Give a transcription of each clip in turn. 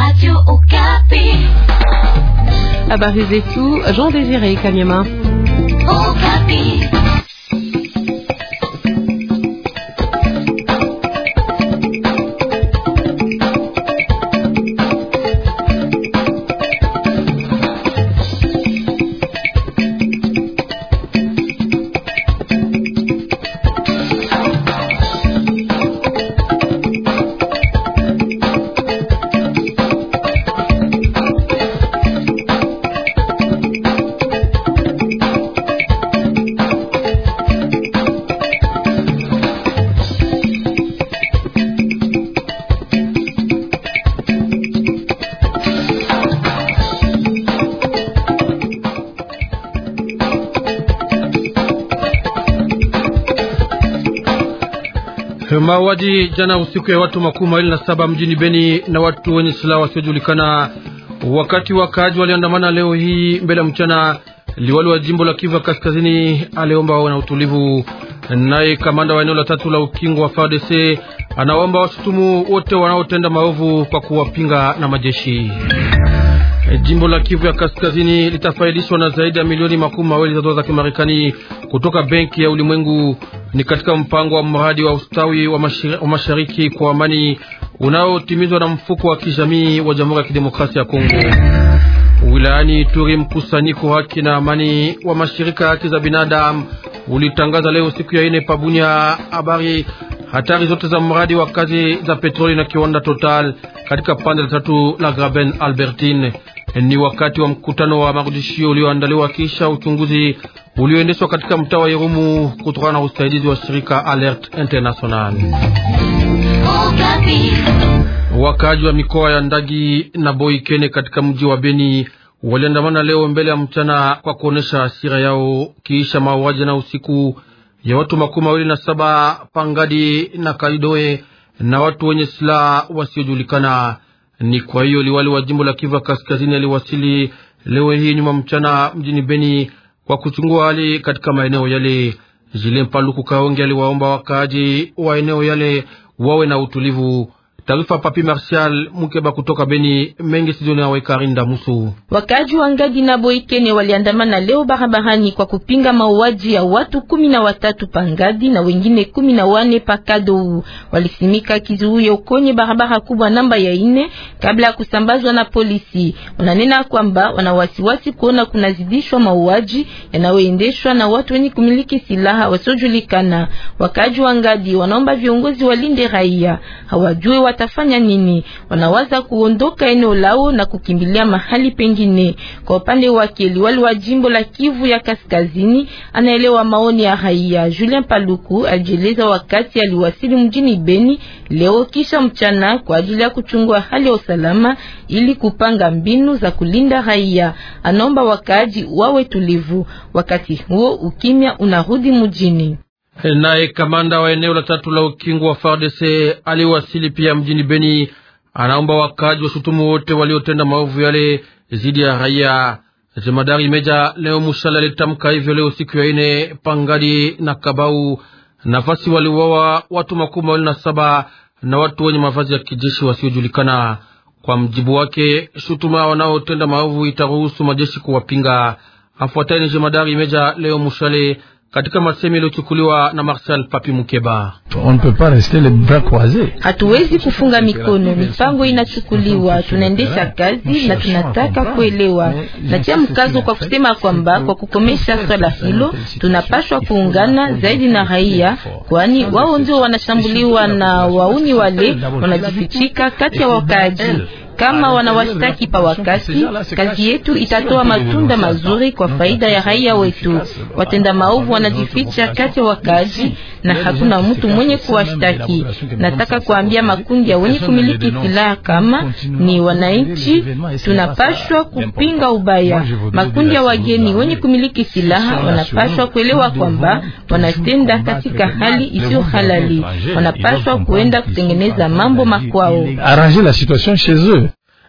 Radio Okapi. tout Jean-Désiré Kanyama. Okapi. Mauaji jana usiku ya watu makumi mawili na saba mjini Beni na watu wenye silaha wasiojulikana, wakati wakaaji waliandamana leo hii mbele ya mchana. Liwali wa jimbo la Kivu ya Kaskazini aliomba wawe na utulivu, naye kamanda wa eneo la tatu la ukingo wa FARDC anaomba washutumu wote wanaotenda maovu kwa kuwapinga na majeshi. Eh, jimbo la Kivu ya Kaskazini litafaidishwa na zaidi ya milioni makumi mawili za dola za Kimarekani kutoka Benki ya Ulimwengu. Ni katika mpango wa mradi wa ustawi wa mashariki kwa amani unaotimizwa na mfuko wa kijamii wa Jamhuri ya Kidemokrasia ya Kongo. Wilayani Turi, mkusanyiko haki na amani wa mashirika haki za binadamu ulitangaza leo siku ya ine ya habari hatari zote za mradi wa kazi za petroli na kiwanda Total katika pande la tatu la Graben Albertine ni wakati wa mkutano wa marudishio ulioandaliwa kisha uchunguzi ulioendeshwa katika mtaa wa Irumu kutokana na usaidizi wa shirika Alert International. Wakaaji wa mikoa ya Ndagi na Boikene katika mji wa Beni waliandamana leo mbele ya mchana kwa kuonesha hasira yao kiisha mauaji na usiku ya watu makumi mawili na saba pangadi na Kaidoe na watu wenye silaha wasiojulikana. Ni kwa hiyo liwali wa jimbo la Kivu Kaskazini aliwasili leo hii nyuma mchana mjini Beni kwa kuchungua hali katika maeneo yale. Jile Mpaluku Kaonge aliwaomba wakaaji wa eneo yale wawe na utulivu. Taarifa Papi Marshal Mukeba kutoka Beni mengi sidoni awe karinda musu. Wakaji wa Ngadi na Boikene waliandamana leo barabarani kwa kupinga mauaji ya watu kumi na watatu pa Ngadi na wengine kumi na wane pa Kadou. Walisimika kizuio kwenye barabara kubwa namba ya ine kabla ya kusambazwa na polisi. Wananena kwamba wana wasiwasi kuona kunazidishwa mauaji yanayoendeshwa na watu wenye kumiliki silaha wasiojulikana. Wakaji wa Ngadi wanaomba viongozi walinde raia. Hawajui wa watafanya nini? Wanawaza kuondoka eneo lao na kukimbilia mahali pengine. Kwa upande wake, liwali wa jimbo la Kivu ya Kaskazini anaelewa maoni ya raia. Julien Paluku alijieleza wakati aliwasili mjini Beni leo kisha mchana kwa ajili ya kuchungua hali ya usalama ili kupanga mbinu za kulinda raia. Anaomba wakaaji wawe tulivu. Wakati huo ukimya unarudi mjini. Naye kamanda wa eneo la tatu la ukingo wa FARDC aliwasili pia mjini Beni. Anaomba wakaji washutumu wote waliotenda maovu yale zidi ya raia. Jemadari Meja Leo Mushala alitamka hivyo leo siku ya ine Pangadi na Kabau, nafasi waliuawa watu makumi mawili na saba na watu wenye mavazi ya kijeshi wasiojulikana. Kwa mjibu wake, shutuma wanaotenda maovu itaruhusu majeshi kuwapinga. Afuataini Jemadari Meja Leo Mushale katika masemi yaliyochukuliwa na Marcel Papi Mukeba. Hatuwezi kufunga mikono, mipango inachukuliwa, tunaendesha kazi na tunataka kuelewa. Natia mkazo kwa kusema kwamba kwa kukomesha swala hilo tunapashwa kuungana zaidi na raia, kwani wao ndio wanashambuliwa na wauni wale wanajifichika kati ya wakaaji. Kama wanawashtaki pa wakati, kazi yetu itatoa matunda mazuri kwa faida ya raia wetu. Watenda maovu wanajificha kati ya wakazi na hakuna mtu mwenye kuwashtaki. Nataka kuambia makundi ya wenye kumiliki silaha kama ni wananchi, tunapashwa kupinga ubaya. Makundi ya wageni wenye kumiliki silaha wanapashwa kuelewa kwamba wanatenda katika hali isiyo halali, wanapashwa kuenda kutengeneza mambo makwao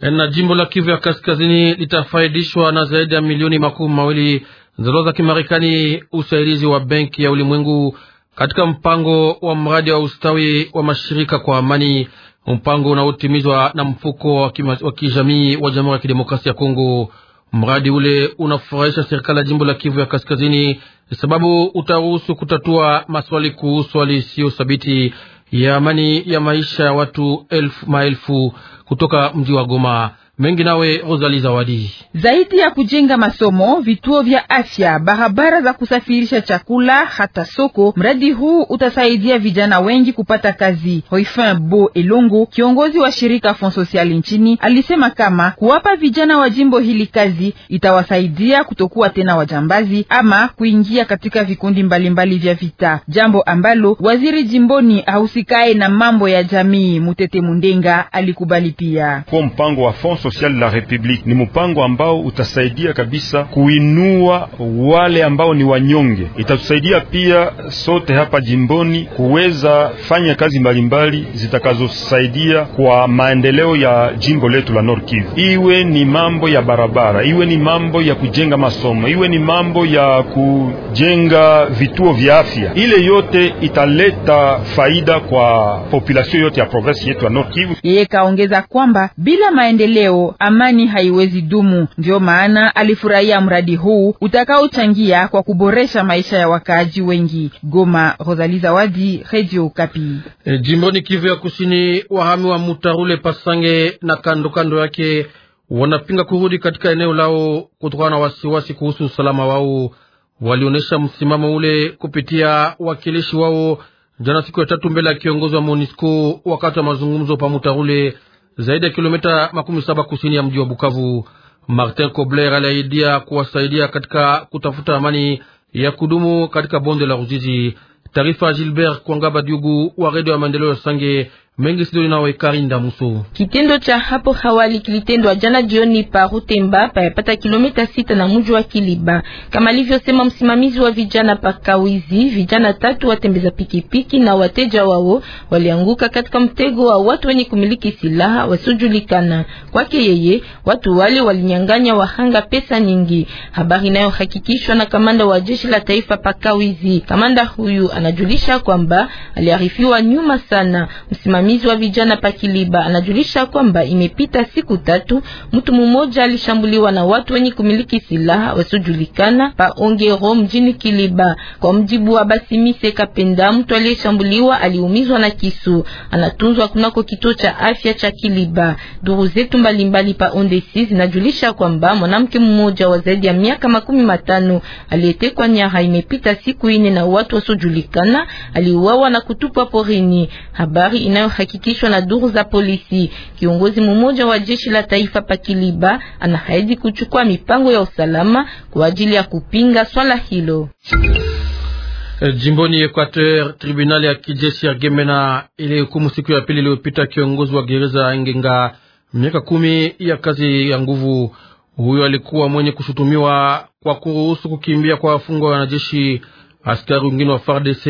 na jimbo la Kivu ya kaskazini litafaidishwa na zaidi ya milioni makumi mawili za dola za Kimarekani, usaidizi wa Benki ya Ulimwengu katika mpango wa mradi wa ustawi wa mashirika kwa amani, mpango unaotimizwa na mfuko wa kijamii wa Jamhuri ya Kidemokrasia ya Kongo. Mradi ule unafurahisha serikali ya jimbo la Kivu ya kaskazini sababu utaruhusu kutatua maswali kuhusu hali isiyo thabiti ya amani ya maisha ya watu elfu maelfu kutoka mji wa Goma mengi nawe Rosali Zawadi. Zaidi ya kujenga masomo, vituo vya afya, barabara za kusafirisha chakula, hata soko, mradi huu utasaidia vijana wengi kupata kazi. Hoifin Bo Elongo, kiongozi wa shirika Fond Social nchini, alisema kama kuwapa vijana wa jimbo hili kazi itawasaidia kutokuwa tena wajambazi ama kuingia katika vikundi mbalimbali vya vita, jambo ambalo waziri jimboni ahusikaye na mambo ya jamii Mutete Mundenga alikubali pia kwa mpango wa Fonso Social la Republique. Ni mpango ambao utasaidia kabisa kuinua wale ambao ni wanyonge. Itatusaidia pia sote hapa jimboni kuweza fanya kazi mbalimbali zitakazosaidia kwa maendeleo ya jimbo letu la Nord Kivu, iwe ni mambo ya barabara, iwe ni mambo ya kujenga masomo, iwe ni mambo ya kujenga vituo vya afya. Ile yote italeta faida kwa population yote ya province yetu ya Nord Kivu. Yeye kaongeza kwamba bila maendeleo amani haiwezi dumu. ndio maana alifurahia mradi huu utakaochangia kwa kuboresha maisha ya wakaaji wengi. Goma, Rosali Zawadi, Radio Kapi. E, jimboni Kivu ya Kusini, wahami wa Mutarule, Pasange na kando kando yake wanapinga kurudi katika eneo lao kutokana na wasiwasi kuhusu usalama wao. Walionyesha msimamo ule kupitia wakilishi wao jana siku ya tatu mbele ya kiongozi wa MONUSCO wakati wa mazungumzo pa Mutarule zaidi ya kilomita makumi saba kusini ya mji wa Bukavu. Martin Kobler aliahidia kuwasaidia katika kutafuta amani ya kudumu katika bonde la Ruzizi. Taarifa Gilbert Kwangaba Diugu wa redio ya maendeleo ya Sange mengi sidoli nawe Karinda Muso. Kitendo cha hapo hawali kilitendwa jana jioni pa Rutemba pa payapata kilomita sita na mji wa Kiliba, kama sema msimamizi wa vijana pa Kawizi. Vijana tatu watembeza pikipiki na wateja wao walianguka katika mtego wa watu wenye kumiliki silaha wasiojulikana. Kwake yeye, watu wale walinyang'anya wahanga pesa nyingi, habari nayo hakikishwa na kamanda wa jeshi la taifa pa Kawizi. Kamanda huyu anajulisha kwamba aliarifiwa nyuma sana msimamizi msimamizi wa vijana Pakiliba anajulisha kwamba imepita siku tatu mtu mmoja alishambuliwa na watu wenye kumiliki silaha wasiojulikana pa Ongero mjini Kiliba. Kwa mjibu wa Basimise Kapenda, mtu aliyeshambuliwa aliumizwa na kisu, anatunzwa kunako kituo cha afya cha Kiliba. Duru zetu mbalimbali pa Ondesi zinajulisha kwamba mwanamke mmoja wa zaidi ya miaka makumi matano aliyetekwa nyara imepita siku ine na watu wasiojulikana aliuawa na kutupwa porini. Habari inayo imehakikishwa na duru za polisi. Kiongozi mmoja wa jeshi la taifa Pakiliba anahaidi kuchukua mipango ya usalama kwa ajili ya kupinga swala hilo. Eh, jimboni Equateur, tribunali ya kijeshi ya Gemena ilihukumu siku ya pili iliyopita kiongozi wa gereza Ngenga miaka kumi ya kazi ya nguvu. Huyo alikuwa mwenye kushutumiwa kwa kuruhusu kukimbia kwa wafungwa wanajeshi askari wengine wa FARDC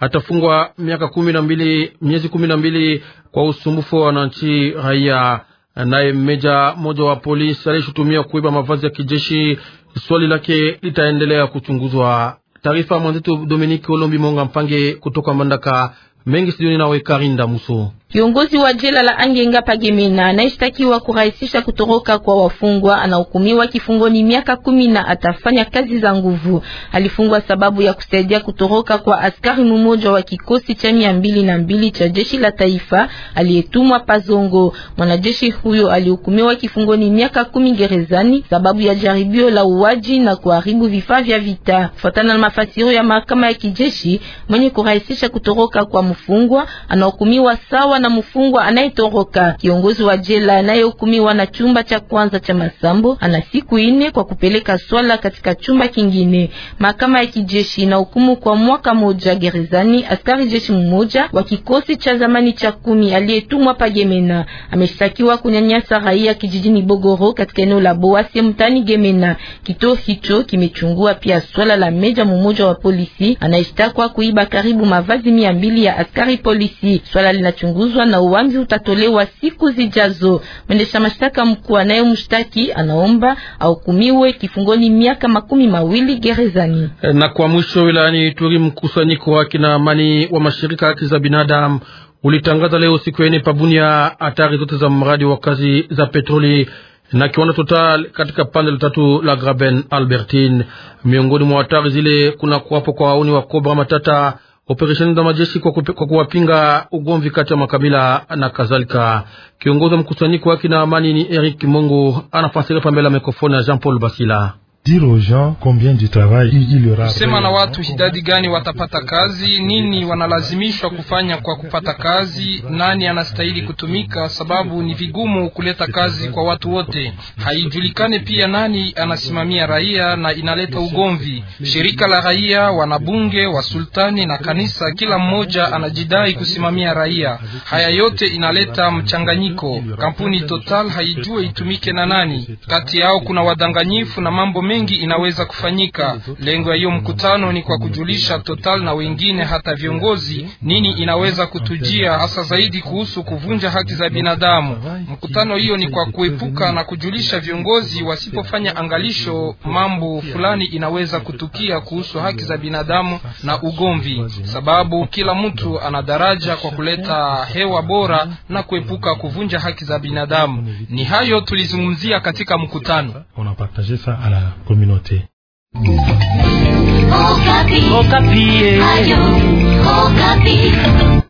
atafungwa miaka kumi na mbili miezi kumi na mbili kwa usumbufu wa wananchi raia. Naye meja mmoja wa polisi aliyeshutumia kuiba mavazi ya kijeshi, swali lake litaendelea kuchunguzwa. Taarifa mwenzetu Dominiki Olombi Monga Mpange kutoka Mbandaka. Mengi studioni nawe Karinda Muso. Kiongozi wa jela la Angenga Pagemena anayeshtakiwa kurahisisha kutoroka kwa wafungwa anahukumiwa kifungoni miaka kumi na atafanya kazi za nguvu. Alifungwa sababu ya kusaidia kutoroka kwa askari mmoja wa kikosi cha mia mbili na mbili cha jeshi la taifa aliyetumwa Pazongo. Mwanajeshi huyo alihukumiwa kifungoni miaka kumi gerezani sababu ya jaribio la uwaji na kuharibu vifaa vya vita. Kufuatana na mafasirio ya mahakama ya kijeshi, mwenye kurahisisha kutoroka kwa mfungwa anahukumiwa sawa na mfungwa anayetoroka. Kiongozi wa jela anayehukumiwa na chumba cha kwanza cha masambo ana siku ine kwa kupeleka swala katika chumba kingine. Mahakama ya kijeshi na hukumu kwa mwaka moja gerezani askari jeshi mmoja wa kikosi cha zamani cha kumi aliyetumwa pagemena. Ameshtakiwa kunyanyasa raia kijijini Bogoro katika eneo la Boase mtani Gemena. Kituo hicho kimechungua pia swala la meja mmoja wa polisi anayeshtakwa kuiba karibu mavazi mia mbili ya askari polisi. Swala linachunguzwa uchunguzwa na uamuzi utatolewa siku zijazo. Mwendesha mashtaka mkuu anayemshtaki anaomba ahukumiwe kifungoni miaka makumi mawili gerezani. Eh, na kwa mwisho, wilayani Ituri, mkusanyiko wa kina amani wa mashirika haki za binadamu ulitangaza leo siku ya ine Pabunia hatari zote za mradi wa kazi za petroli na kiwanda Total katika pande la tatu la Graben Albertine. Miongoni mwa hatari zile kuna kuwapo kwa wauni wa Kobra Matata operesheni za majeshi kwa, kwa kuwapinga ugomvi kati ya makabila na kadhalika. Kiongozi wa mkusanyiko wake na amani ni Eric Mongo anafasiria pambele ya mikrofoni ya Jean Paul Basila. Sema na watu idadi gani watapata kazi, nini wanalazimishwa kufanya kwa kupata kazi, nani anastahili kutumika, sababu ni vigumu kuleta kazi kwa watu wote. Haijulikane pia nani anasimamia raia, na inaleta ugomvi. Shirika la raia, wanabunge, wasultani na kanisa, kila mmoja anajidai kusimamia raia. Haya yote inaleta mchanganyiko. Kampuni Total haijue itumike na nani. Kati yao kuna wadanganyifu na mambo mengi mengi inaweza kufanyika. Lengo ya hiyo mkutano ni kwa kujulisha Total na wengine hata viongozi nini inaweza kutujia hasa zaidi kuhusu kuvunja haki za binadamu. Mkutano hiyo ni kwa kuepuka na kujulisha viongozi wasipofanya angalisho, mambo fulani inaweza kutukia kuhusu haki za binadamu na ugomvi, sababu kila mtu ana daraja kwa kuleta hewa bora na kuepuka kuvunja haki za binadamu. Ni hayo tulizungumzia katika mkutano communauté. Okapi. Okapi.